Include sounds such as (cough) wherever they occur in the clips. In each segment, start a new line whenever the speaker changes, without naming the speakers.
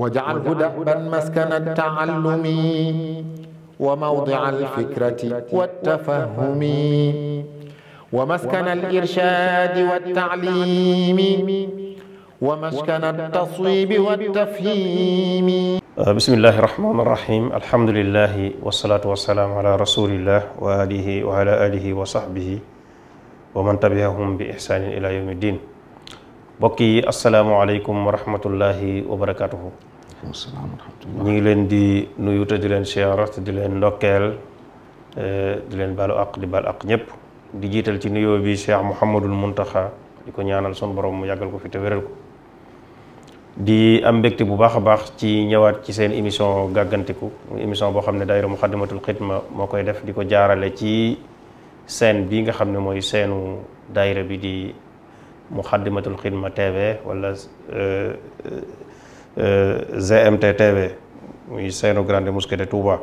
واجعله دأبا مسكن التعلم وموضع الفكرة والتفهم ومسكن الإرشاد والتعليم ومسكن التصويب والتفهيم
بسم الله الرحمن الرحيم الحمد لله والصلاة والسلام على رسول الله وآله وعلى آله وصحبه ومن تبعهم بإحسان إلى يوم الدين بقي السلام عليكم ورحمة الله وبركاته waaleykum ñu ngi leen di nuyu di leen siyaara te di leen ndokkeel eh, di leen baalu àq di baal àq ñëpp di jiital ci nuyoo bi Cheikh Mouhamadul Muntaxa di ko ñaanal son borom mu yàggal ko fi te wéral ko di am mbégte bu baax a baax ci ñëwaat ci seen émission gàggantiku émission boo xam ne daayira Muxaddamatul Xidma moo koy def di ko jaarale ci seen bi nga xam ne mooy seenu daayira bi di mu Muxaddamatul Xidma TV walla eh, GMT euh, TV muy seenu Grande Mosquée de Touba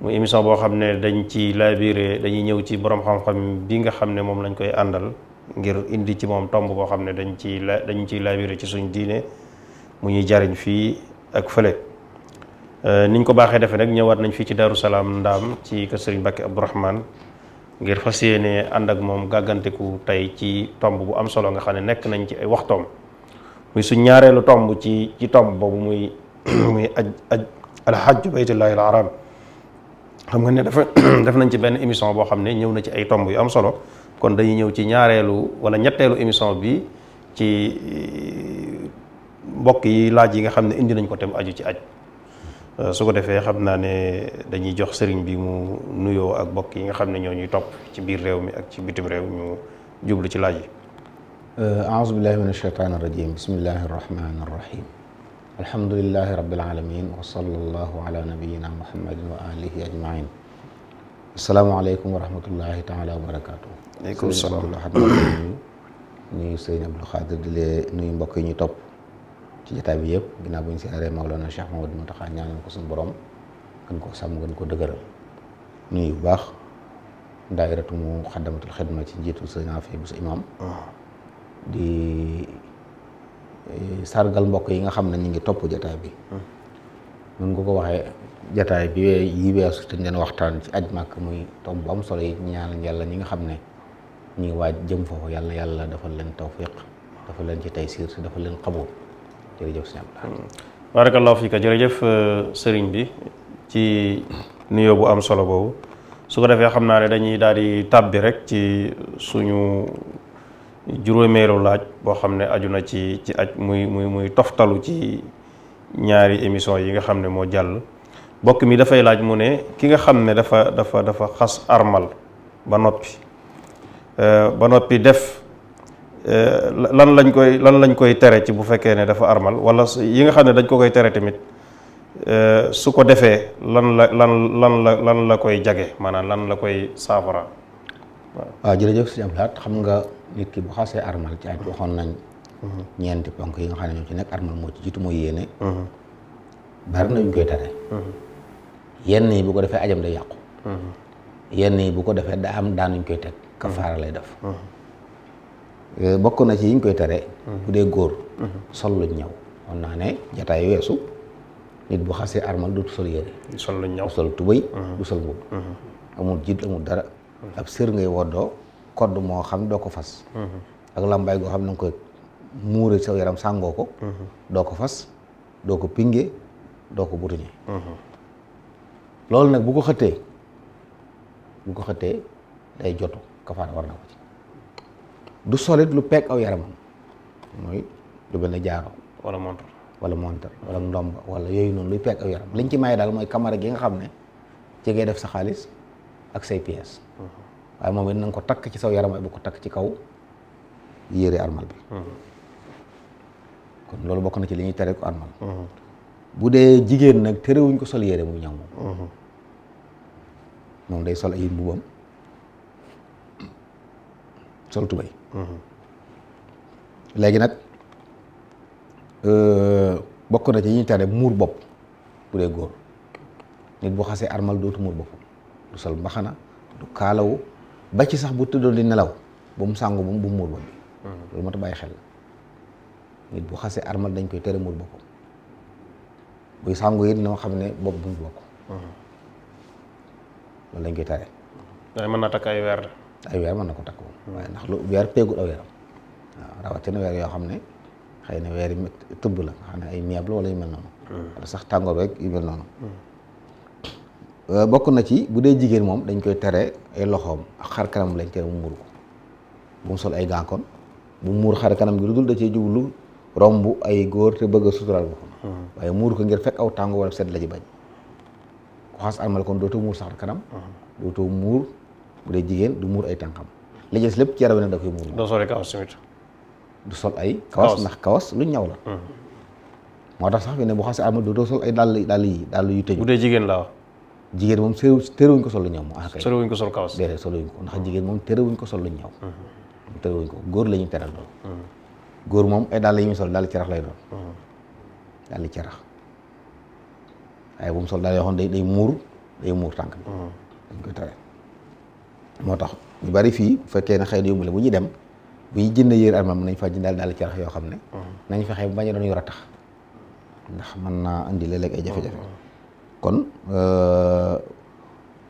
mu émission boo xam ne dañ ci laabiré dañuy ñëw ci borom xam-xam bi nga xam ne moom lañ koy àndal ngir indi ci moom tomb boo xam ne dañ ci la dañ ciy laabiré ci suñ diine mu ñuy jariñ fii ak fële euh, niñ ko baaxee defee nag ñëwaat nañ fii ci Daaru Salaam Ndaam ci kër Sëriñ Mbàkke Abdourahmane ngir fas yéene ànd ak moom gàgganteku tey ci tomb bu am solo nga xam ne nekk nañ ci ay waxtoom muy suñ ñaareelu tomb ci ci tomb boobu muy (coughs) muy aj aj alxajju baytullahi al haram xam nga ne dafa (coughs) def nañ ci benn émission boo xam ne ñëw na ci ay tomb yu am solo kon dañuy ñëw ci ñaareelu wala ñetteelu émission bi ci euh, mbokk yi laaj yi nga xam ne indi nañ ko te mu aju ci aj euh, su ko defee xam naa ne dañuy jox sëriñ bi mu nuyoo ak mbokk yi nga xam ne ñoo ñuy topp ci biir réew mi ak ci bitim réew ñu jublu ci laaj yi
أعوذ بالله من الشيطان الرجيم بسم الله الرحمن الرحيم الحمد لله رب العالمين وصلى الله على نبينا محمد وآله أجمعين di leen nuyu mbokk yi ñu topp ci jotaay bi yëpp ginnaaw bu si siyaaree Mawlana Cheikh Mamadou Mountakha ñaanal ko suñu borom gën ko sàmm gën ko dëgëral nuyu baax daayiratu mu xaddamatul xidma ci njiitu sëñ Afee bu sa imaam ah. di eh, sargal mbokk yi nga xam ne ñu ngi topp jataay bi mun nga ko waxee jataay bi yi weesu te ñu waxtaan ci aj màkk muy tomb bu am solo yi ñaan yàlla ñi nga xam ne ñu ngi waaj jëm foofu yàlla yàlla dafa leen tawfiq dafa leen ci taysiir si dafa leen xabul jërëjëf sëñ
Abdou euh, sëriñ bi ci nuyoo bu am solo boobu su ko defee xam naa ne dañuy daal di bi rek ci suñu juróomeelu laaj boo xam ne aju na ci ci aj muy muy muy toftalu ci ñaari émission yi nga xam ne moo jàll bokk mi dafay laaj mu ne ki nga xam ne dafa dafa dafa xas armal ba noppi euh, ba noppi def euh, lan lañ koy lan lañ koy tere ci bu fekkee ne dafa armal wala yi nga xam ne dañ ko koy tere tamit euh, su ko defee lan la lan lan la lan la koy jage maanaam lan la koy saafara
waaw jërëjëf si Abdou Lahad xam nga nit ki bu xasee armal ci aj waxoon nañ ñeenti ponk yi nga xam ne ñoo ci nekk armal moo ci jiitu mooy yéene bari na koy tere yenn yi bu ko defee ajam day yàqu yi bu ko defee da am daanuñ koy teg kafaara def euh, bokk na ci yiñ koy tere bu dee góor sol luñ ñaw on naa ne jataay weesu nit bu xasee armal du sol yére sol luñ ñaw sol tubëy du sol mbubb amul jiit amul dara ab sër ngay woddoo kodd moo xam doo ko fas ak lambaay goo xam ne nga koy muure sa yaram sàngoo ko doo ko fas doo ko pinge doo ko butuñe loolu nag bu ko xëttee bu ko xëttee day jotu kafaara war na ko ci du solit lu peeg aw yaramam mooy lu benn jaaro wala montar wala montar wala ndomba wala yooyu noonu luy peeg aw yaram liñ ci maye daal mooy kamara gi nga xam ne ci ngay def sa xaalis ak say pièces. waaye moom it na ko takk ci saw yaram waaye bu ko takk ci kaw yére armal bi. kon loolu bokk na ci li ñuy tere ko armal. bu dee jigéen nag terewuñ ko sol yére mu ñaw moom. day sol ay mbubam sol tubay. léegi nag euh, bokk na ci ñuy tere muur bopp bu dee góor nit bu xasee armal dootu muur bopp. du sol mbaxana du kaalawu ba ci sax bu tëddoon di nelaw bu mu sàngu bu mu muur bopp bi mhm. loolu moo tax bàyyi xel nit bu xasee armal dañ koy tere muur boppam buy sàngu it na xam ne bopp bu mu bokk mhm. loolu dañ koy tere
mën na takk ay weer
ay weer mën na ko takk moom mhm. waaye ndax lu weer peegul aw weeram waaw rawatina weer yoo xam ne xëy na weer yi tubb la nga xam ne ay miab la wala yu mel noonu wala sax tàngoor rek yu mel noonu Euh, bokk na ci bu dee jigéen moom dañ koy tere ay loxoom ak xar kanam lañ tere mu muur ko bu mu sol ay gànkoon bu muur xar kanam gi lu dul da cee jublu romb ay góor te bëgg a suturaal boppam mhm. waaye muur ko ngir fekk aw tàngo wala sedd la ci bañ ku xas armal kon dootoo muur sa kanam mhm. dootoo muur bu dee jigéen du muur ay tànkam li des lépp ci yaram nag doo sol ay kawas sol ay kawas ndax kawas lu ñaw la mhm. moo tax sax fi ne bu xasee armal dootoo sol ay dàll dàll yi dàll yu tëju bu dee jigéen la jigéen moom terewuñ ko sol lu ñëw moom ah kay terewuñ ko sol kawas déedéet sol wuñ ko ndax jigéen moom terewuñ ko sol lu ñëw mm-hmm. terewuñ ko góor lañuy ñuy teral mm-hmm. góor moom ay daal la ñuy sol daal cerax lay doon
mm-hmm.
daal di cerax waaye bu mu sol daal yoo xam day day muur day muur tànk tax ñu bari fii bu fekkee ne xëy na yóbbu bu ñuy dem bu ñu jënd yére almaam nañ fa jëndal daal cerax yoo xam ne nañu fexe bu bañ a doon yu rattax ndax mën naa indi léeg-léeg ay jafe-jafe kon euh,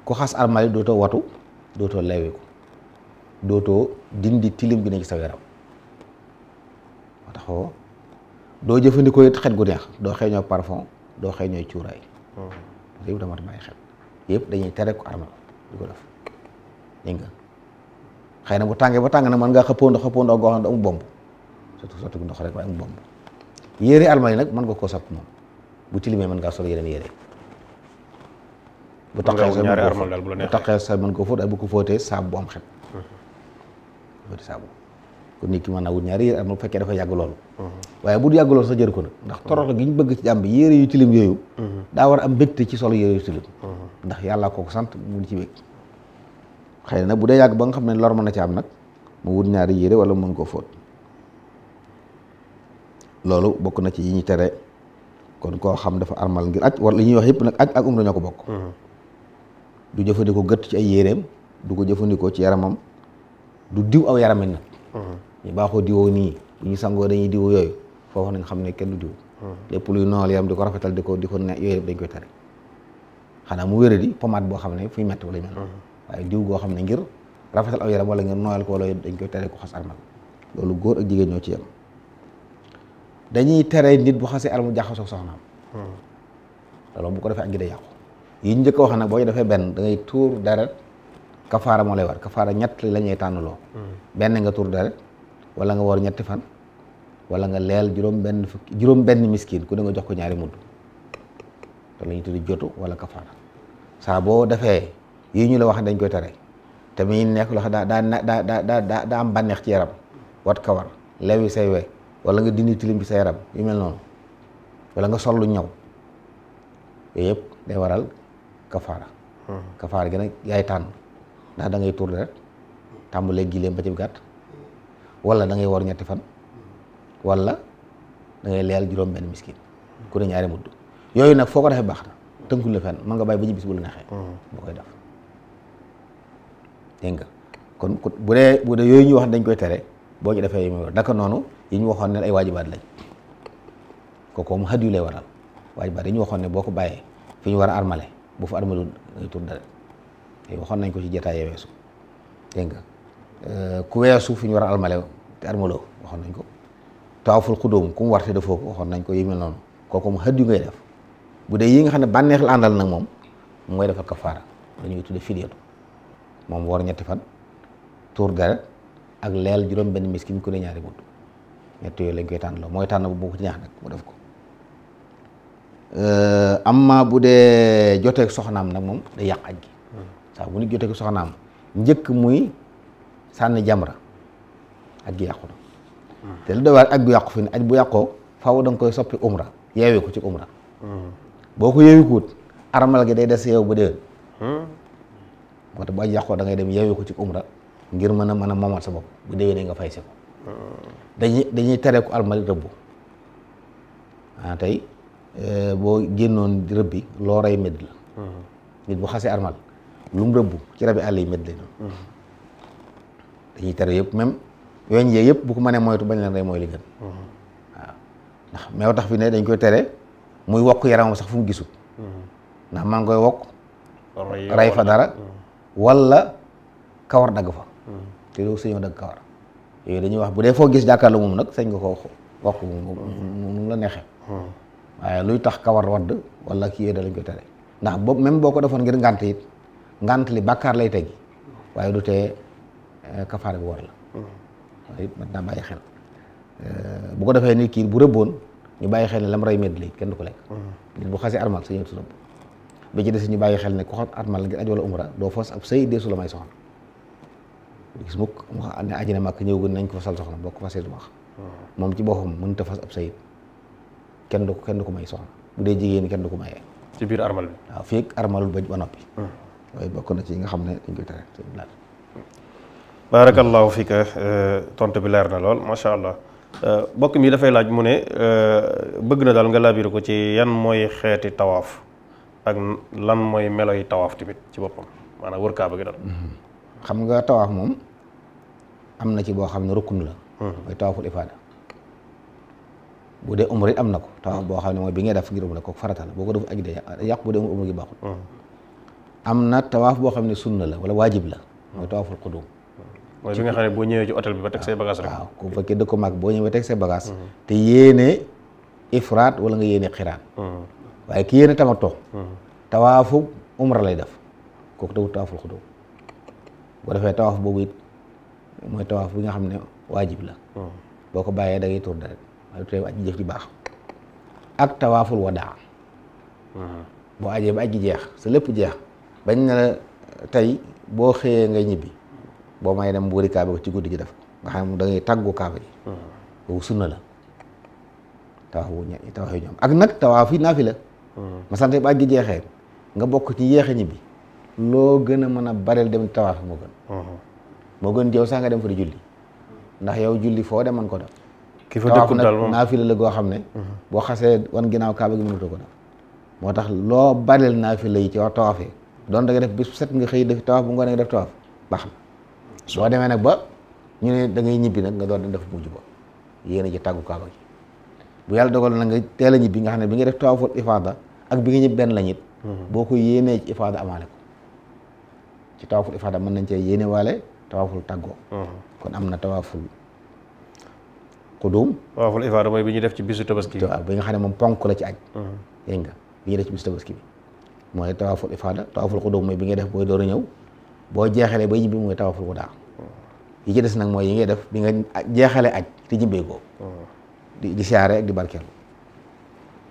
ku xas armal dootoo watu dootoo leweeku dootoo dindi tilim gi ne ci sa yaram moo taxoo doo jëfandikoo it xet gu neex doo xeeñoo parfum doo xeeñoo cuuraay hmm. yëpp dama bàyyi xel yëpp dañuy tere ko armal di ko na bu tàngee ba tàng na mën ngaa xëppoo ndox xëppoo ndox goo xam ne amul bomb surtout surtout yi nag mën nga koo sàpp moom bu tilimee mën ngaa sol yeneen yére bu taqee sa mën koo bu sa mën koo fóot ay bu ko fóotee saabu bu am xet
mm-hmm.
fóoti saabu kon nit ki mën naa wut ñaari yére am bu fekkee dafa yàgg loolu mm-hmm. waaye bu yàgg loolu sa jër ko nag ndax torox gi ñu bëgg ci jàmm yére yu tilim yooyu mm-hmm. daa am mbégte ci solo yére yu tilim ndax yàlla kooku sant mu ci bég na bu dee yàgg ba nga ne lor mën na ci am nag mu wut ñaari yére wala mën koo fóot loolu bokk na ci yi ñu tere kon koo xam dafa armal ngir aj wala li ñuy wax yëpp nag aj ak umra ñoo ko bokk du jëfandikoo gëtt ci ay yéreem du ko jëfandikoo ci yaramam du diw aw yaramit nag mhm. ñu baaxoo diwoo nii bu ñu sangoo dañuy diw yooyu foofu nañ xam ne kenn du diw mhm. lépp luy nool yaram di ko rafetal di ko di ko ne yooyu dañ koy tari xanaa mu wéra di pomade boo xam ne fuy mett wala mhm. waaye diw goo xam ne ngir rafetal aw yaram wala ngir nooyal ko wala dañ koy tere ko xas armal loolu góor ak jigéen ñoo ci yem dañuy tere nit bu xasee armal jaxasoo soxnaam loolu bu ko defee ak gi yàqu yi ñu njëkk a wax nag boo ñu defee benn dangay ngay tuur deret kafaara moo lay war kafaara ñett lañuy ñuy tànnaloo. Hmm. benn nga tuur deret wala nga woor ñetti fan wala nga leel juróom benn fukki juróom benn miskin ku ne nga jox ko ñaari mudd te la ñuy tudd jotu wala kafaara saa boo defee yi ñu la wax dañ koy tere te muy nekk loo xam daa daa daa daa ci yaram wat kawar lewi say we wala nga dindi tilim bi sa yaram yu mel noonu wala nga sol lu ñaw yooyu yëpp day kafaara. Hmm. kafaara gi nag yaay ndax da ngay tuur deret tàmbalee gileem ba ci gàtt wala dangay ngay war ñetti fan wala da ngay leyal juróom benn miskin ku ne ñaari mudd yooyu nag foo ko defee baax na tënkul la fenn mën nga bàyyi ba ñu bis bu la neexee. boo hmm. koy def nga kon bu dee bu dee yooyu ñu wax dañ koy tere boo ci defee yu noonu yi ñu waxoon ne ay waajibaat lañ kooku moom xad yu lay waral waajibaat yi ñu waxoon ne boo ko bàyyee fi ñu war a armale boo fa armalul ngay eh, tuur deret eh, waxoon nañ ko ci jataay ya weesu dégg nga eh, ku weesu fi ñu war a almale te armaloo waxoon nañ ko tawaaful xudóom ku mu warte defoo ko waxoon nañ ko yi mel noonu kooku mu xëdd yu ngay def bu dee yi nga xam ne bànneex la àndal nag moom mu ngay defal kafaara la ñuy tudde fidyatu moom war ñetti fan tuur deret ak leel juróom benn miskin ku ne ñaari budd ñett yooyu lañ koy tànn loo mooy tànn bu ko ci ñaax nag mu def ko Euh, amma bu dee joteeg soxnaam nag moom da yàq aj gi saa bu nit joteeg soxnaam njëkk muy sànni jamra aj gi yàqu na te lu dowaar yàqu fi ne aj bu yàqoo faaw danga koy soppi umra yeewee ko ci umra boo ko yeewikuut day des yow ba déwén moo tax bu da ngay dem yeewee ci umra ngir mën a mën a moomal sa bopp bu déwénee nga fay si ko dañuy dañuy tere ko armal rëbbu ah tey Euh, boo génnoon rëbbi loo rey medd la mm-hmm. nit bu xasee armal lu mu rëbbu ci rabi àll yi medd lay mm-hmm. dañuy tere yëpp même weñ yee yëpp bu ko mënee moytu bañ leen rey mooy li gën
mm-hmm. waaw
ndax meew tax fi ne dañ koy tere muy wokk yaramam sax fu mu ndax maa ngi koy wokk rey fa dara wala kawar dagg fa te loolu sañoo dagg kawar yooyu dañuy wax bu dee foo gis jàkkaarloo moom nag sañ nga ko wokk moom mu la neexee waaye luy tax kawar wadd wala kii da lañ koy tere ndax boobu même boo ko defoon ngir ngànt it ngànt li bàkkaar lay tegi waaye du tee eh, kafaara bi war la waaye naa bàyyi xel eh, bu ko defee ni kii bu rëbboon ñu bàyyi xel ne lam rey medd li kenn du ko lekk mm-hmm. nit bu xasee armal sa ñëwtu rëbb ba ci des ñu bàyyi xel ne ko xas armal ngir aj wala doo fas ab sëy dee su la may soxna gis mukk mu ne aji na màkk ñëw gën nañ ko fasal soxna boo ko fasee du wax
mm-hmm.
moom ci boppam mënut a fas ab sëy kenn du kenn ko may soxna bu dee jigéen kenn ko mayee.
ci biir armal bi. waaw
fii ak armalul ba ba noppi. waaye hmm. bokk na ci yi nga xam ne dañ koy tere sëñ bi
baarakallahu fika eh, tontu bi leer na lool macha allah eh, mbokk bii dafay laaj mu ne eh, bëgg na daal nga laabir ko ci yan mooy xeeti tawaaf ak lan mooy meloy tawaaf tamit ci boppam maanaam wër kaaba gi daal. Hmm.
xam nga tawaaf moom am na ci boo xam ne rukun la. Hmm. mooy tawaaful ifaada. bu dee umra it am na ko hmm. tawaaf boo xam ne mooy bi ngay def ngir umra ko ko def aji de yàqu bu hmm. am na tawaaf boo xam ne sunna la wala waajib la hmm. mooy tawaaful qudum
mooy bi nga xam ne boo ñëwee ci hôtel bi ba teg say bagage rek waaw
ku fekkee dëkk mag boo ñëwee ba teg say bagage te yéene ifraat wala nga yéene xiraan waaye ki yéene tamattu tawaafu umra lay def kooku dawul tawaaful defee tawaaf boobu it mooy tawaaf bi nga xam ne waajib la boo ko bàyyee da ngay tour deret waaye teew aj gi jëf ak tawaaful wadaa boo ajee ba aj gi jeex sa lépp jeex bañ na la tey boo xëyee nga ñibbi boo may dem wëri kaaba ci guddi gi def nga xam da ngay tàggu kaaba gi boobu sunna la tawaaf wu tawaaf yi ñoom ak nag tawaaf yi naafi la ma sant ba aj gi jeexee nga bokk ci yéex a ñibbi loo gën a mën a bareel dem tawaaf moo gën moo gën jëw sax nga dem fa di julli ndax yow julli foo dem man ko def
ki fa dëkkul daal
la goo xam ne boo xasee wan ginnaaw kaaba gi mënatu ko nag moo tax loo baril naafila yi ci wax tawaaf yi doon da def bis bu set nga xëy def tawaaf bu ngoonee nga def tawaaf baax na soo demee nag ba ñu ne da ñibbi nag nga doon def mujj ba yéen a ci tàggu kaaba bu yàlla dogal na teel a ñibbi nga xam ne bi nga def tawaaful ifaada ak bi nga ñib benn la
mhm.
boo ko yéenee ci ifaada amaale ko ci tawaaful ifaada mën nañ cee yéene waale tawaaful tàggoo mhm. kon am na tawaaful xudum
waaful ifaada mooy bi ñu def ci bisu tabaski bi waaw
bi nga moom ponk la ci aj dégg nga bi ñu def mooy tawaaful ifaada tawaaful xudum mooy bi ngay def booy door a ñëw boo jeexalee ba ñibbi mooy tawaaful wadaa yi ci des nag mooy yi ngay def bi nga jeexalee aj te ñibbee ko di di siyaare ak di barkeelu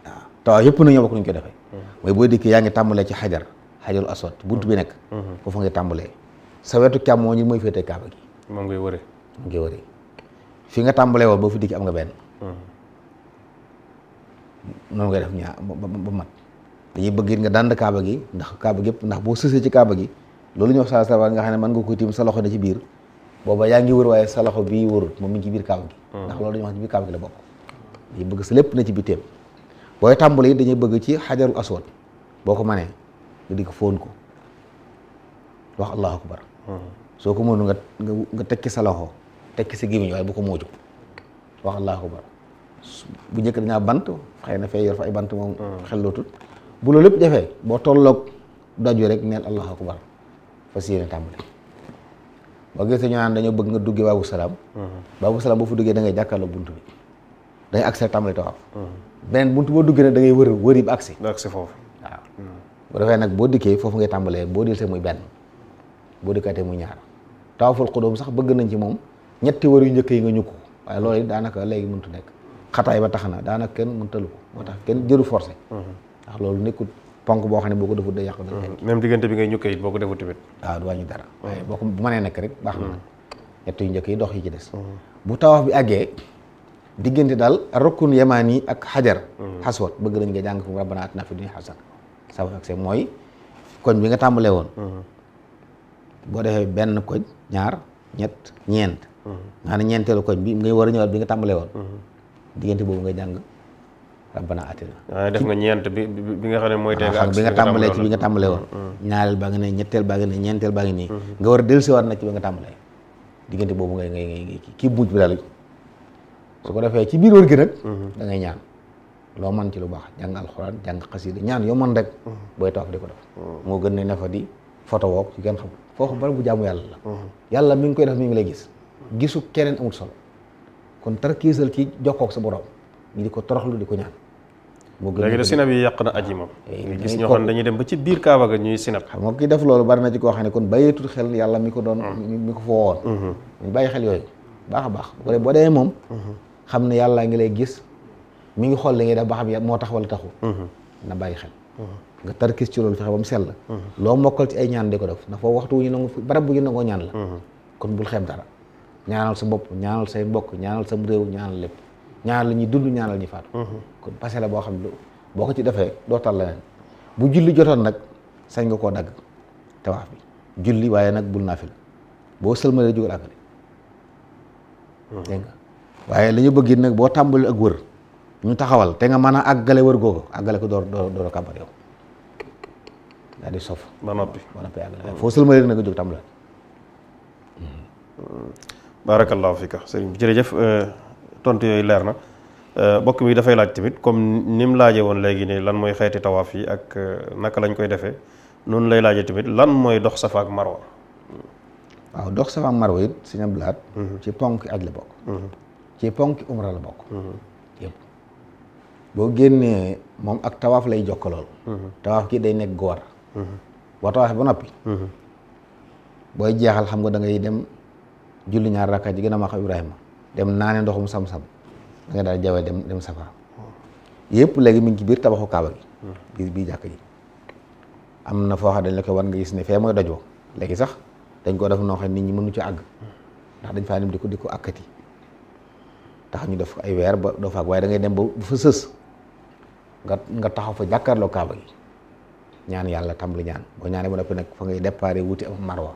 waaw tawaaf yëpp na ñoo bokk ñu ko defee mooy booy dikk yaa ngi tàmbalee ci xajar xajarul aswad bunt bi nekk foofu nga tàmbalee sa wetu càmmooñ mooy féete kaaba gi
moom ngay wëree wëree
fi nga tàmbalee woon boo fi dikki am nga benn. Hmm. noonu ngay def ñaar ba mat dañuy bëgg it nga dànd kaaba gi ndax kaaba gi yëpp ndax boo sësee ci kaaba gi loolu ñu wax saa saa nga xam ne man nga koy tiim sa loxo ne ci biir booba yaa ngi wër waaye sa loxo bii wërut moom mi ngi ci biir kaaba gi. Hmm. ndax loolu dañuy wax ci biir kaaba gi bëgg sa lépp na ci biir booy tàmbali dañuy bëgg ci xajarul aswad boo ko manee nga di ko fóon ko wax allahu akbar hmm. soo ko mënu nga nga tekki sa loxo. tekki si gémmiñ waaye bu ko muuju wax allahu akbar bu njëkk dañaa bant xëy na fa ay bant moom hmm. xel lootul bu loolu lépp jafee boo tolloog daju rek neel allahu akbar fas yéene tàmbali boo gisee ñu naan dañoo bëgg nga duggee baabu salaam hmm. baabu salaam boo fa duggee dangay ngay bunt bi da ngay accès tàmbali tawaaf hmm. beneen bunt boo duggee nag dangay ngay wër wëri ba
accès ba accès foofu
waaw
bu defee nag boo dikkee foofu ngay tàmbalee boo dil see muy benn boo dikkaatee mu ñaar tawaaful sax bëgg nañ ci moom ñetti wër yu njëkk yi nga ñukku waaye loolu it daanaka léegi mënut nekk xataay ba tax na daanaka kenn mëntalu ko moo tax kenn jëru forcé mhm. ndax loolu nekkul ponk boo xam ne boo ko defut day yàq mhm.
da bi ngay ñukkee it boo ko
dara waaye boo ko bu nekk rek baax na mhm. ñett yu njëkk yi dox yi ci des bu tawaaf bi àggee diggante daal rukun yamaan ak xajar xaswat bëgg nañ nga jàng fu rabbana atina fi dunya xasan sabab ak seen mooy koñ bi nga tàmbalee woon boo defee benn koñ ñaar ñett ñeent nga ne ñeenteelu koñ bi ngay war a ñëwaat bi nga tàmbalee woon diggante boobu nga jàng rabbana atina def
nga bi bi nga xam ne mooy tey nga bi nga tàmbalee ci bi nga tàmbalee woon mm-hmm.
ñaareel baa ngi ne ñetteel baa ngi ne ñeenteel baa mm-hmm. war a dellusiwaat nag ci bi nga gi nag mm-hmm. da ngay ñaan loo mën ci lu baax jàng alxuraan jàng xasida ñaan yoo mën rek booy toog di ko def moo gën ne ne di photo wook ci kenn xam foo xam bala bu jaamu yàlla la yàlla mi ngi koy def mi ngi lay gis gisu keneen amul solo kon tarkiisal ci jokkoog sa borom ñu di ko toroxlu di ko ñaan.
moo
gën a de
sinab
yi yàq na aji moom. nga eh, gis ba ci biir Kaaba ga ñuy sinab. xam nga
ki def loolu bari na ci xam ne kon bàyyeetul xel yàlla mi ko doon. Mm-hmm. mi ko foo woon. Mm-hmm. ñu bàyyi xel yooyu baax a baax bu boo demee moom. Mm-hmm. xam ne yàlla ngi lay gis mi ngi xool li ngay ba ya moo tax wala taxul. na bàyyi xel. nga tarkis ci loolu fexe ba mu sell. loo mokkal ci ay ñaan di ko def ndax foofu waxtu barab bu ñu nangoo ñaan la. kon bul xeeb dara. ñaanal sa bopp ñaanal say mbokk ñaanal sam réew ñaanal lépp ñaanal la ñuy dund ñaanal ñi faatu mhm. kon passé la boo xam ne boo ko ci defee doo tal leneen bu julli jotoon nag sañ nga koo dagg tawaaf bi julli waaye nag bul naafil boo sëlmalee jógal àggale mhm. waaye la ñu nag boo tàmbalee ak wër ñu taxawal te nga mën a àggale wër googu àggale
ko door door door a kàmbar yow sof ba noppi ba noppi àggale foo sëlmalee nag nga jóg tàmbalee mhm. baarakallaahu fika sëriñ bi jërëjëf euh, tontu yooyu leer na euh, bokk bi dafay laaj tamit comme ni mu laaje woon léegi ne lan mooy xeeti tawaaf yi ak euh, naka lañ koy defee noonu lay laaje tamit lan mooy dox safa ak marwa
waaw dox safa ak marwa it si ña mhm. ci ponk aj la bokk mhm. ci ponk umra la bokk
mhm. yëpp
boo génnee moom ak tawaaf lay jokkalool tawaaf gi day nekk góor boo tawaafee ba noppi booy jeexal xam nga da dem julli ñaar rakka ji gën a maax Ibrahima dem naane ndoxum sam-sam da nga daal jawee dem dem safara yépp léegi mi ngi ci biir tabaxu kaaba gi biir bii jàkk ji am na foo xam dañ la koy nga gis ne fee mooy dojoo léegi sax dañ ko def noo xam nit ñi mënu ci àgg ndax dañ faa dem di ko di ko akkati tax ñu def ay weer ba doo faag waaye da ngay dem ba fa sës nga nga taxaw fa jàkkaarloo kaaba gi ñaan yàlla tàmbali ñaan boo ñaanee ba noppi nekk fa ngay déparé wuti am marwa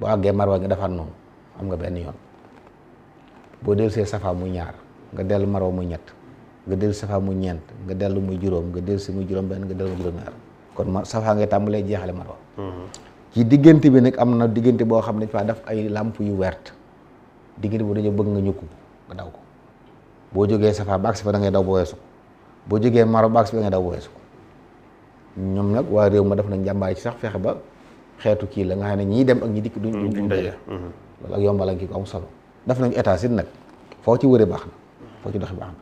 boo àggee marwa nga defaat noonu am nga benn yoon boo dellu see safa muy ñaar nga dellu marwa muy ñett nga dell safa mu ñeent nga dellu muy juróom nga dell si muy juróom benn nga dellu muy juróom ñaar kon ma safa ngay tàmbalee jeexale marwa mm-hmm. ci diggante bi nag am na diggante boo xam ne faa def ay làmp yu wert diggante boobu dañu bëgg nga ñukku nga daw ko boo jógee safa ba agsi fa da ngay daw ba weesu boo jógee marwa ba agsi fa da ngay daw ba weesu ñoom nag waa réew ma def nañ jàmbaay ci sax fexe ba xeetu kii la nga xam ne ñii dem ak ñi dikk mm, duñ duñ daje mm-hmm. loolu ak yombalal gi ko am solo def nañ état sit nag foo ci wëre baax na foo ci doxi baax na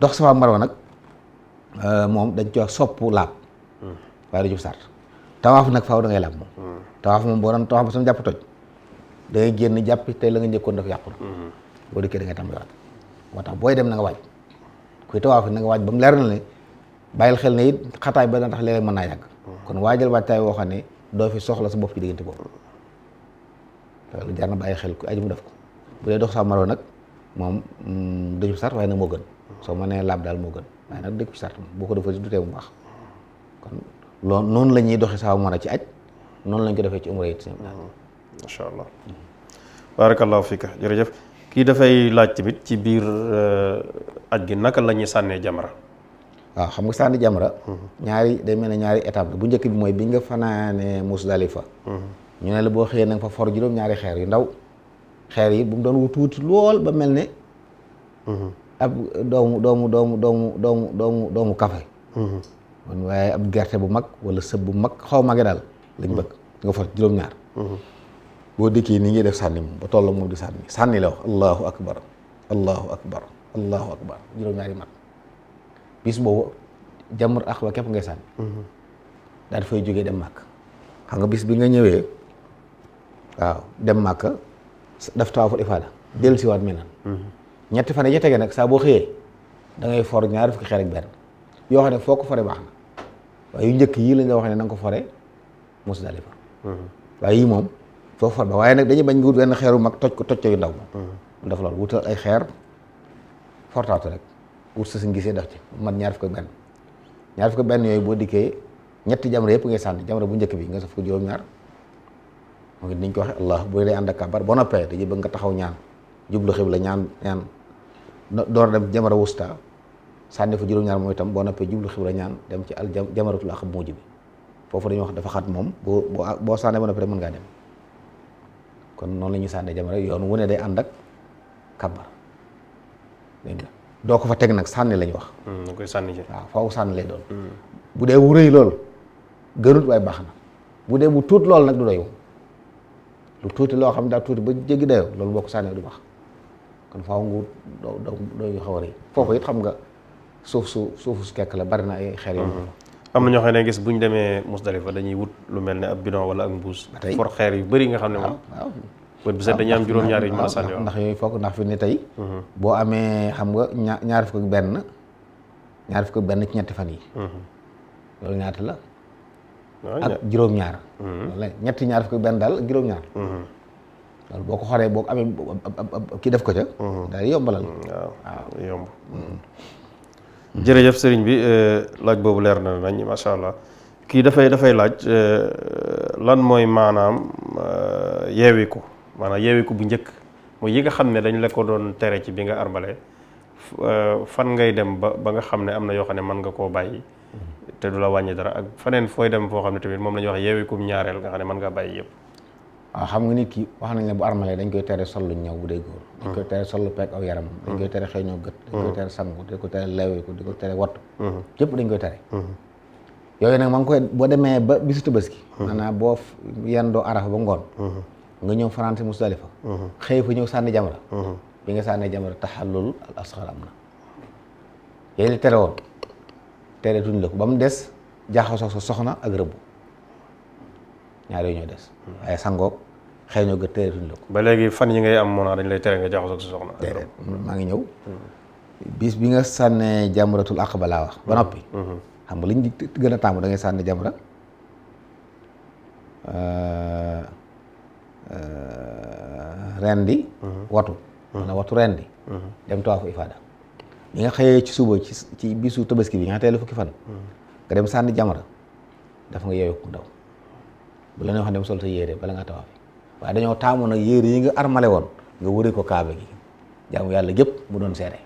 dox Safa Marwa nag euh, moom dañ ci wax sopp laab mm. waaye du jub sart tawaaf nag faaw da ngay laab moom mm. tawaaf moom boo doon tawaaf ba sama jàpp toj da ngay génn jàppi tey la nga njëkkoon dafa yàqu na mm-hmm. boo dikkee da ngay tàmbaliwaat moo tax booy dem na nga waaj kuy tawaaf na nga waaj ba mu leer na ne bàyyil xel ne it xataay ba dana tax léeg-léeg mën naa yàgg kon waajal waajtaay woo xam ne doo fi soxla sa bopp ci diggante boobu loolu jar na bàyyi xel ku aji mu def ko bu dee dox sa maroo nag moom mm, dëkk bi sart waaye nag moo gën soo mënee laab daal moo gën waaye nag dëkk bi sart boo ko defee du tee mu baax kon loolu noonu la ñuy doxee saa mën a ci aj
noonu lañ ko defee ci umra it seen macha allah barakallahu fika jërëjëf kii dafay laaj tamit ci biir euh, aj gi naka la ñuy sànnee jamra
waaw xam nga sànni jamra ñaari day mel ne ñaari étape bu njëkk bi mooy bi nga fanaane Musdalifa ñu ne la boo xëyee na nga fa for juróom ñaari xeer yu ndaw xeer yi bu mu doon wu tuuti lool ba mel ne ab doomu doomu doomu doomu doomu doomu doomu ab gerte bu mag wala sëb bu mag xaw mage daal lañ bëgg nga for juróom-ñaar boo dikkee ni ngi def sànni moom ba toll moom di sànni sànni la wax allahu akbar allahu akbar allahu akbar juróom-ñaari mat bis boobu jamur ak wa képp ngay sànni. daal di fay jógee dem màkk. xam nga bis bi nga ñëwee waaw dem màkk daf tawaaful ifaada dellusiwaat mi naan. ñetti fan yi tege nag saa boo xëyee da ngay for ñaar fukki xeer ak benn yoo xam ne foo ko fore baax na waaye yu njëkk yii lañ la wax ne na nga ko fore Musdalifa. waaye yii moom foo for ba waaye nag dañuy bañ nga wut benn xeeru mag toj ko toj ko yu ndaw. Mm-hmm. dafa loolu wutal ay xeer fortaatu rek. wut sa ngisee ndax ci mat ñaar fukk ak benn ñaar fukk ak benn yooyu boo dikkee ñetti jamra yëpp ngay sànni jamra bu njëkk bi nga saf ko juróom-ñaar moo ngi niñ ko waxe allah bu day ànd ak kabar boo noppee dañuy bëgg nga taxaw ñaan jublu xibla ñaan ñaan door dem jamara wusta sànni fa juróom-ñaar mooy itam boo noppee jublu xibla ñaan dem ci al jamaratul axab mujj bi foofu dañuy wax dafa xat moom boo boo sànnee ba noppee mën ngaa dem kon noonu la ñuy sànnee jamara yoon wu ne day ànd ak kabar doo ko fa teg nag sànni la wax.
Hmm, da koy sànni ci waaw faaw
sànni lay doon. bu dee bu rëy lool gënut waaye baax na bu dee bu tuut lool nag du doy lu tuuti loo xam daa tuuti ba jéggi dayoo loolu boo ko sànnee du baax kon faaw nga wut xaw a rëy xam nga suuf su suuf su kekk la
bari na ay xeer yu hmm. am na ñoo xam ne gis bu ñu demee Musdalifa dañuy wut lu mel ne ab bidon wala ak mbuus. ba tey for xeer yu bëri nga xam ne moom. bët bu set dañuy am juróom-ñaar yu ñu mën a sànni ndax
yooyu foog ndax fi ni tey mhm. boo amee xam nga ñaar ñaar fukk benn ñaar fukk ak benn ci ñetti fan yi mhm. loolu ñaata la ah, ak juróom-ñaar mhm. ñetti ñaar fukk ak benn daal ak juróom-ñaar ko xoree boo ko amee def ko ca
daal mm, mm. sëriñ bi euh, laaj boobu leer na nañ macha allah kii dafay dafay laaj euh, lan mooy maanaam euh, ko maanaam yeewiku bu njëkk mooy yi nga xam ne dañ la ko doon tere ci bi nga armale euh, fan ngay dem ba ba nga xam ne am na yoo xam ne mën nga koo bàyyi te du la wàññi dara ak faneen fooy dem foo xam ne moom la ñuy wax yeewiku ñaareel nga xam ne mën ngaa bàyyi yëpp
waaw ah, xam nga ki wax nañ ne bu armalee dañ koy tere sollu ñaw bu dee góor dañ koy tere sollu peeg aw yaram dañ koy tere xeeñoo gët dañ koy tere sangu dañ koy tere leweeku dañ koy tere wattu yëpp dañ koy tere yooyu nag ma ngi koy boo demee ba bisu tabaski maanaam boo yendoo arafa ba ngoon nga ñëw farante Musdalifa mhm. xëy fa ñëw sànni jamra mhm. bi nga sànni jamra taxallul al asxar am na yéen la tere woon tere tuñ ko ba mu des jaaxasoo sa soxna ak rëbb ñaar yooyu ñoo des mhm. waaye sangook xëy ñoo gën tere tuñ ko
ba léegi fan yi ngay am moona dañ lay tere nga jaaxasoo sa soxna ak
rëbb maa ngi ñëw bis bi nga sànnee jamratul ba laa wax ba noppi xam nga liñ di gën a tàmm dangay sànni jamra euh, Euh, rendi mhm. watu mhm. maanaam watu rendi mhm. dem tawaafu ifaada ñi nga xëyee ci suba ci ci bisu tabaski bi nga xam tey la fukki fan nga dem sànni jamara dafa nga yeewu ku ndaw bu la ne wax dem sol sa yére bala nga tawaafi waaye dañoo taamu nag yére yi nga armale woon nga wëri ko kaabe gi jaamu yàlla gépp mu doon seere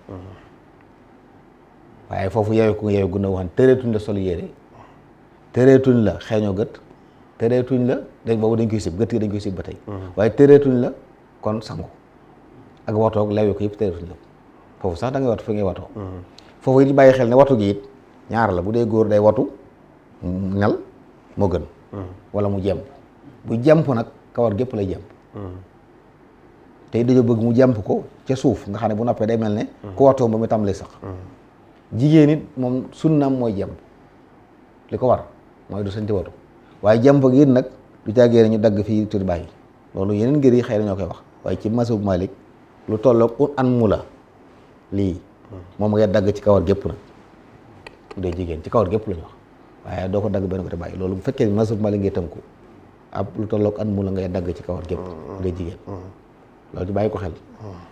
waaye foofu yeewu ku nga yeewu gu ndaw waxan tëreetuñ la sol yére tëreetuñ la xeeñoo gët tereetuñ la dañ boobu dañ koy sib gët yi dañ koy sib ba tey mm-hmm. waaye tereetuñ la kon sangu ak watoog lew ko yëpp tereetuñ la foofu sax da ngay watu fi ngay watoo mm-hmm. foofu it bàyyi xel ne watu gi it ñaar la bu dee góor day watu nel moo gën mm-hmm. wala mu jemp bu jemp nag kawar gépp la jemp tey dañoo bëgg mu jemp ko ca suuf nga xam ne bu noppee day mel ne ku watoo ba mu tàmbalee sax jigéen it moom sunnam mooy jemp li ko war mooy du sañti watu waaye jàmp gi nag du caagee ñu dagg fii tur bàyyi loolu yeneen ngir yi xëy na ñoo koy wax waaye ci masu Malik lu tolloog un an mu la lii moom ngay dagg ci kawar gépp nag bu jigéen ci kawar gépp la wax waaye doo ko dagg benn côté bàyyi loolu bu fekkee masu Malik ngay tënku ab lu tolloog an mu la ngay dagg ci kawar gépp bu dee jigéen loolu ci bàyyi ko xel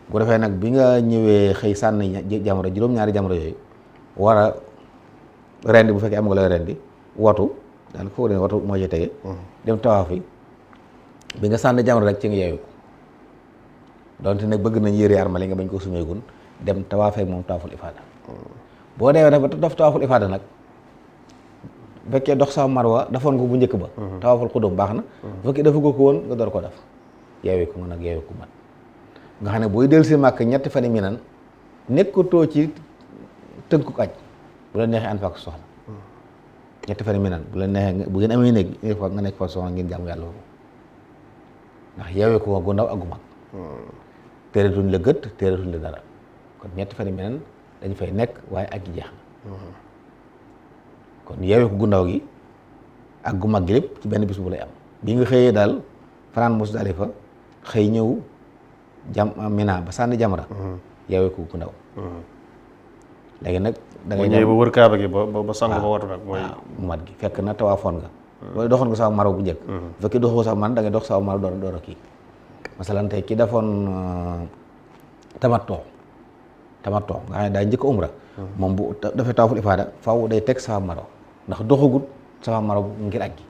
bu defee nag bi nga ñëwee xëy sànni jamra juróom-ñaari jamra yooyu war a rendi bu fekkee am nga looy rendi watu daanaka foofu leen waxtu moo ci tege. dem tawaaf bi bi nga sànni jamono rek ci nga nag bëgg nañ yére armal yi bañ ko sumeegun dem tawaafee moom tawaaful ifaada boo deewee nag ba daf nag bu dox sa marwa defoon ko bu njëkk ba. Mhm. tawaaful xudum baax na. Mhm. bu defu ko nga door ko def yeewee ko nga nag yeewee ko man nga xam ne booy dellu si màkk ñetti fan yi mi nan nekkatoo ci ko aj bu la neexee an fak soxla. ñetti fan mi naan bu la neexee bu ngeen amee néeg nga nekk fa soxna ngeen jàmm yàlla foofu ndax yeewee ko gu ndaw ak gu mag la gët teeratuñ la dara kon ñetti fan mi naan dañ fay nekk waaye ak gi jeex kon yeewee ko gu ndaw gi ak gu mag gi lépp ci benn bis bu lay am bi nga xëyee daal fanaan Musdalifa xëy ñëw jam Mina ba sànni jamra mm-hmm. yeewee ko gu léegi nag. da ngay ñëw ba wër
ba ba sang ba watu nag. mooy
fekk na tawaafoon nga. Hmm. loolu doxoon nga sax maro bu njëkk. bu hmm. fekkee doxoo sax man da ngay dox sax maro door a door a ki defoon tamatoo euh, tamatoo nga xam ne daa njëkk umra. Hmm. moom bu dafay tawaaful ifaada faaw day teg safa maro ndax doxagut safa maro ngir aj gi.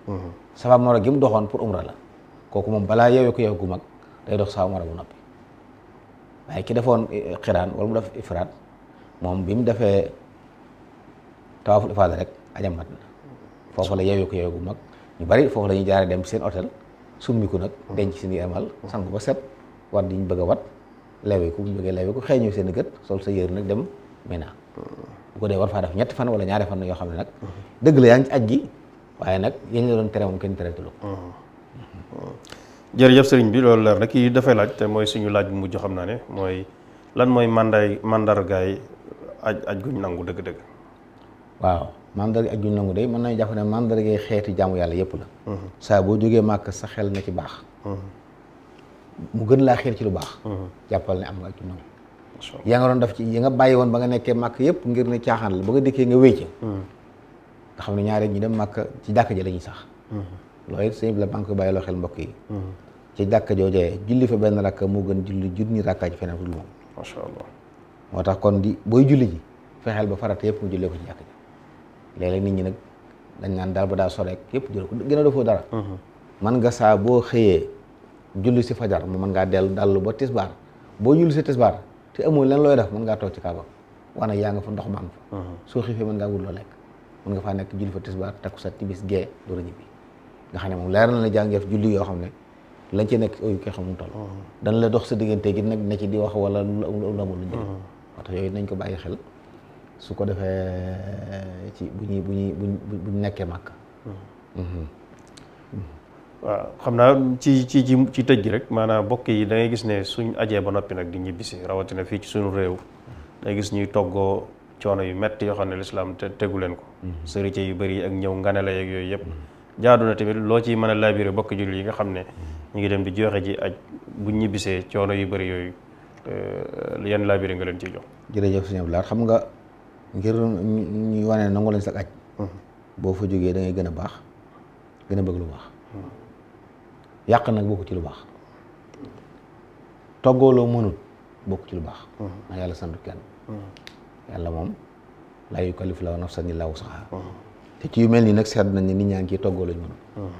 safa maro gi mu doxoon pour umra la kooku moom balaa yeewee ko gu mag day dox safa maro bu noppi waaye ki defoon eh, xiraan wala bu def ifraat. moom bi mu defee tawaaful ifaada rek añam mat na foofu la yeewee ko yeewee bu mag ñu bari foofu la ñuy jaaree dem seen hôtel summiku nag hmm. denc seen yamal sangu ba set wat di ñu bëgg a wat lewe ku bu ñu bëggee lewe ku xeeñoo seen gët sol sa yër nag dem Mina bu ko dee war faa def ñetti fan wala ñaari fan yoo xam ne nag hmm. dëgg la yaa ngi aj gi waaye nag yéen la doon tere moom kenn tereetulu
hmm. jërëjëf sëriñ bi loolu leer na kii dafay laaj te mooy suñu laaj bu mujj xam naa ne mooy lan mooy manday mandargaay aj aj guñ nangu dëgg-dëgg. waaw
mandarga aj guñ nangu de mën nañu jàpp ne mandargay xeeti jaamu yàlla yëpp la. Mhm. saa boo jógee màkk sa xel na ci baax. Mhm. mu gën laa xiir ci lu baax. Mhm. jàppal ne am nga aj guñ nangu. yaa nga doon def ci yi nga bàyyi woon ba nga nekkee màkk yëpp ngir ne caaxaanal la ba nga dikkee nga wéy ci. nga xam ne ñaaree ñu dem màkk ci dàkk ji la ñuy sax. looy it sëñ bi la koy bàyyi loo xel mbokk yi. ci dàkk joojee julli fa benn rakka moo gën julli junni rakka ci feneen moom macha moo tax kon di booy julli ji fexeel ba farata yëpp nga jullee ko ci jàkk ji léeg nit ñi nag dañ naan daal ba daa sore yëpp julli ko gën a defoo dara mhm. man nga saa boo xëyee julli si fajar mu mën ngaa dellu dallu ba tisbaar boo julli si tisbaar te amul leen looy def mën ngaa toog ci kaaba wana yaa nga fa ndox ma fa mhm. soo xiifee mën ngaa wut loo lekk mën nga faa nekk julli fa tisbaar takku sa timis gee door a ñibbi nga xam ne moom leer na la jàngeef julli yoo xam ne lañ ci nekk yooyu koy xamum toll uh-huh. dana la dox sa diggante gi nag na ci di wax wala lu amul lu njëriñ uh-huh. moo tax yooyu nañ ko bàyyi xel su ko defee ci bu ñuy bu ñuy bu ñu nekkee màkk
uh-huh.
mm-hmm.
Mm-hmm. waaw xam naa ci ci ci ci tëj gi rek maanaam bokk yi da ngay gis ne suñ ajee ba noppi nag di ñibbisi rawatina fii ci suñu réew da ngay gis ñuy toggoo coono yu metti yoo xam ne lislaam te tegu leen ko mm-hmm. sërite yu bari ak ñëw nganela yeeg yooyu yëpp jaadu na tamit loo ci mën a labiré bokk jullit yi nga xam ne ñu ngi dem di joxe ji aj buñ ñibbisee coono yu bari yooyu eh, yan laabiri nga leen ciy jox.
jërëjëf sëñ Abdoulaye xam nga ngir ñu wane nangu lañ sa aj hmm. boo fa jógee dangay gën a baax gën a bëgg lu baax. yàq nag bokk ci lu baax. toggooloo mënut bokk ci lu baax. Hmm. yàlla sant kenn. Hmm. yàlla moom laa yukallifu llaahu nafsan illaa wusahaa. te ci yu mel nii nag sedd nañ ne nit ñaa ngi ciy toggooloo ñu mënut.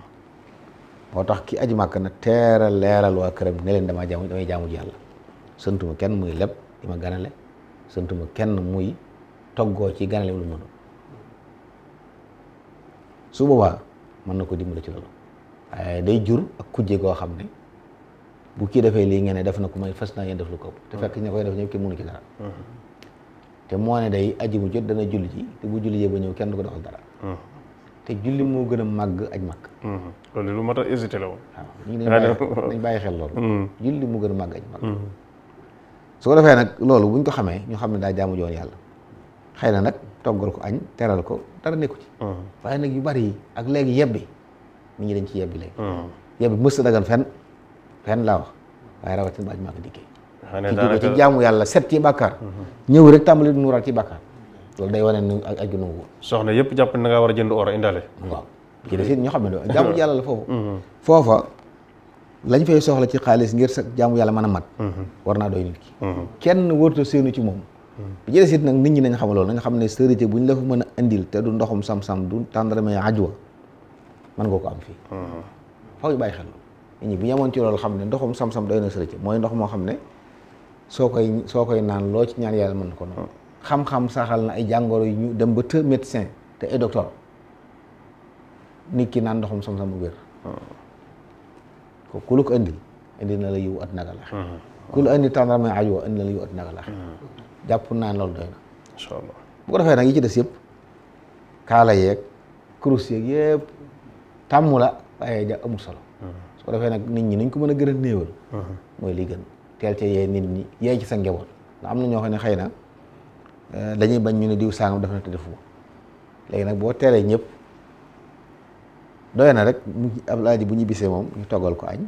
moo tax ki aji màkk na teera leeral waa këram ne leen damay jaamu ji yàlla santuma kenn muy leb di ma ganale santuma kenn muy toggoo ci ganale lu mënu su boobaa mën na ko dimbali ci loolu waaye day jur ak kujje goo xam ne bu kii defee lii ngeen def na ko may fas naa yéen def lu ko te fekk ña koy def ñëpp kenn mënu ci dara
mm-hmm.
moo ne day aji jot dana julli ji bu julli jee ñëw kenn du ko defal dara mm-hmm. te julli moo gën a màgg aj màkk.
Mm-hmm. loolu lu mat a hésité la woon.
waaw ñu ngi dañ bàyyi xel loolu. Mm-hmm. julli moo gën a màgg aj màkk. Mm-hmm. su ko defee nag loolu buñ ko xamee ñu xam ne daa jaamu joon yàlla xëy na nag toggal ko añ teral ko dara nekku ci. waaye nag yu bari ak léegi yebbi mi ngi dañ ci yebbi léegi. yebbi mës a dagan fenn waaye rawatina ba aj dikkee. xanaa daanaka ci jaamu yàlla set ci bàkkaar. ñëw rek tàmbali nuuraat ci bàkkaar. loolu day wane ni ak aju nangu
soxna yëpp jàpp na ngaa a jënd or indaale waaw ci def it ñoo xam ne loolu jaamu (laughs) yàlla la foofu mm-hmm.
foofa lañ fay soxla ci xaalis ngir sa jaamu yàlla mën a mat mm-hmm. war naa doy ki mm-hmm. kenn wërta séenu ci moom bi nag nit ñi nañ xam xam ne sérité bu la fa mën a indil te du ndoxum sam-sam du tàndarame ajwa mën nga ko am fii faw ñu xel nit bi ñu ci loolu xam ne ndoxum sam-sam doy na sérité mooy ndox moo xam ne soo koy soo koy naan loo ci ñaan yàlla mën na ko naan xam-xam saxal na ay jàngooro yu ñu dem ba te médecin te ay docteur nit ki naan ndoxum sam-sam mu hmm. ko ku lu ko indi indi na la yiw at naga la hmm. ku lu indi tàndarma ajuwa indi na la yiw at naga la hmm. jàpp naan loolu na yi ci des yëpp kaala yeeg kurus yeeg yëpp la waaye ja amul solo su ko defee nag nit ñi nañ ko mën a gën a néewal mooy li gën teel ca yee nit ñi yee ci sa njaboot ndax am na ñoo xam ne xëy na Euh, dañuy bañ ñu ne diw sàngam def na te defu léegi nag boo teelee ñëpp doy na rek mu ab laaji bu ñu bisee moom ñu toggal ko añ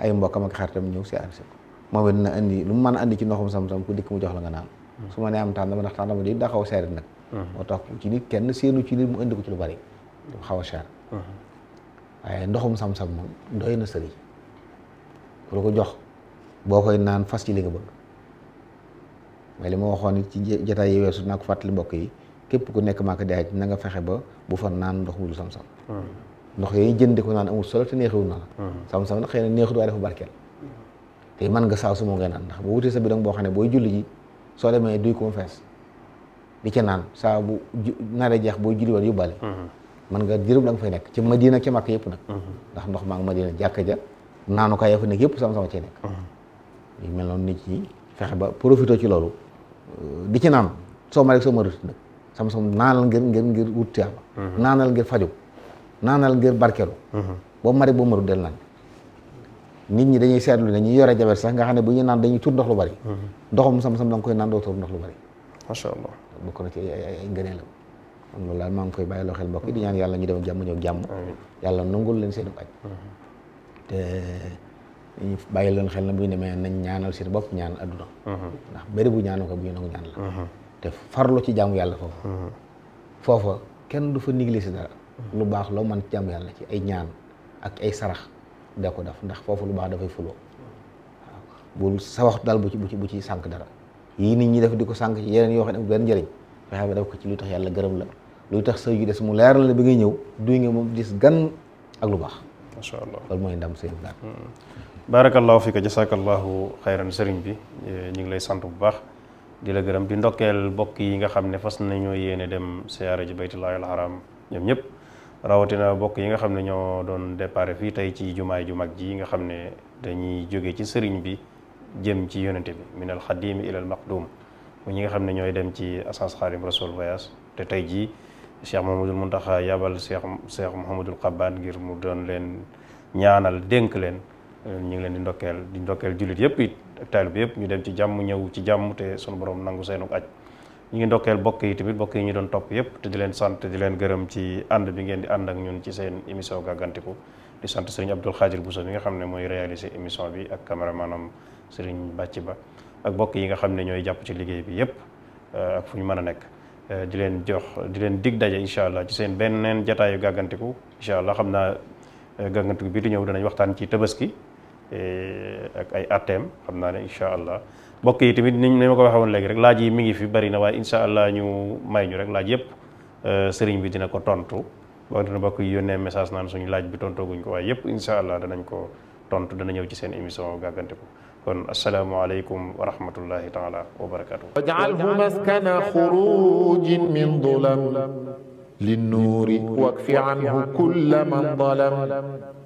ay mbokkam ak xaritam ñëw see arrêté ko moom it dina andi mën a andi ci ndoxum sam-sam ku dikk mu jox la nga naan hmm. su ma nee am tàndama ndax tàndama di daa xaw a nag hmm. moo tax ci nit kenn seenu ci nit mu indi ko ci lu bari du hmm. xaw a seer waaye ndoxum sam-sam moom doy na sëriñ ku la ko jox boo koy naan fas ci li nga bëgg mooy li ma waxoon ci jotaay yi weesu naa ko fàttali mbokk yi képp ku nekk na nga fexe ba bu fa naan ndox mu dul sam-sam hmm. ndox yooyu jënd di ko naan amul solo te neexewul
hmm.
na xëy na neexut waaye dafa barkeel hmm. te mën nga saa su moo ngay ndax bu wutee sa bidon boo xam ne booy julli ji soo duy ko mu fees di naan saa bu naree jeex booy julli woon yóbbaale mën nga jërëb da nga fay nekk ci Madina ca Màkka yëpp nag ndax ndox maa ngi Madina jàkka ja naanu kaay ya fa nekk yëpp sam-sama cee nekk ñu mel noonu nit ñi fexe ba profité ci loolu Euh, di ci naan soo ma rek soo ma rëtt nag sam-sam naanal ngir ngir ngir wut tiyaaba mhm. naanal ngir faju naanal ngir barkeelu mhm. boo ma rek boo ma rëtt del naan nit ñi dañuy seetlu ne ñuy yore jabar sax nga xam ne bu ñuy naan dañuy tur ndox lu bari mhm. ndoxum sam-sam da koy naan doo tur ndox lu bari macha allah bokk na ci ay ay ngëneelam am loolu daal maa ngi koy bàyyiloo xel mbokk yi di ñaan yàlla ñu dem jàmm ñëw jàmm yàlla nangul leen seen aj te ñu bàyyi leen xel na bu demee nañ ñaanal seen bopp ñaan adduna mhm. ndax bëri bu ñaanu ko bu ñu nangu ñaan la mhm. te farlu ci jaamu yàlla foofu mhm. foofa kenn du fa négliger dara lu baax loo mën jaamu yàlla ci ay ñaan ak ay sarax de ko def ndax foofu lu baax dafay fuloo waaw bul sa bu ci bu ci bu ci sànq dara yii nit ñi def di ko sànq yeneen yoo xam ne benn njëriñ fexe ba def ko ci luy tax yàlla gërëm la luy tax sa yu des mu leer la bi ngay ñëw duy nga moom gis gan ak lu baax macha allah loolu mooy ndam seen
daal. Mm. barakallahu fika jasakallahu xayran sëriñ bi eh, ñu ngi lay sant bu baax di la gërëm di ndokkeel bokk yi nga xam ne fas nañoo yéene dem siyaare ji baytullahi alharam ñoom ñëpp rawatina bokk yi nga xam ne ñoo doon déparé fii tey ci jumaay ju mag ji nga xam ne dañuy jóge ci sëriñ bi jëm ci yonente bi min al xadimi ila al maqdum mu ñi nga xam ne ñooy dem ci assance Xaadimu Rasuul voyage te tey jii cheikh Mouhamadul Mountakha yabal seex cheikh Mouhamadul Xabbaan ngir mu doon leen ñaanal dénk leen ñu ngi leen di ndokkeel di ndokkeel jullit yëpp it ak taalibe yëpp ñu dem ci jàmm ñëw ci jàmm te sunu borom nangu seenu aj ñu ngi ndokkeel bokk yi tamit bokk yi ñu doon topp yëpp te di leen sant di leen gërëm ci ànd bi ngeen di ànd ak ñun ci seen émission gàggantiku di sant sëriñ Abdul Xaadir Bousso mi nga xam ne mooy réaliser émission bi ak caméramanam sëriñ Bàcci Ba ak bokk yi nga xam ne ñooy jàpp ci liggéey bi yëpp euh, fu ñu mën a nekk Euh, di leen jox di leen dig daje incha allah ci seen beneen jataayu gàggantiku incha allah xam naa euh, gàggantiku bii di ñëw danañ waxtaan ci tabaski euh, ak ay atteem xam naa ne incha allah mbokk yi tamit ni ma ko waxee woon léegi rek laaj yi mi ngi fi bari na waaye incha allah ñu may ñu rek laaj yëpp sëriñ bi dina ko tontu wax dina mbokk yi yónnee message naan suñu laaj bi tontooguñ ko waaye yëpp incha allah danañ ko tontu dana ñëw ci seen émission gàggantiku kon asalaamualeykum wa rahmatullahi taala wa barakaatu.
waj'alhu maskana xurujin min dulam
linnuuri wakfi anhu kulla man dalam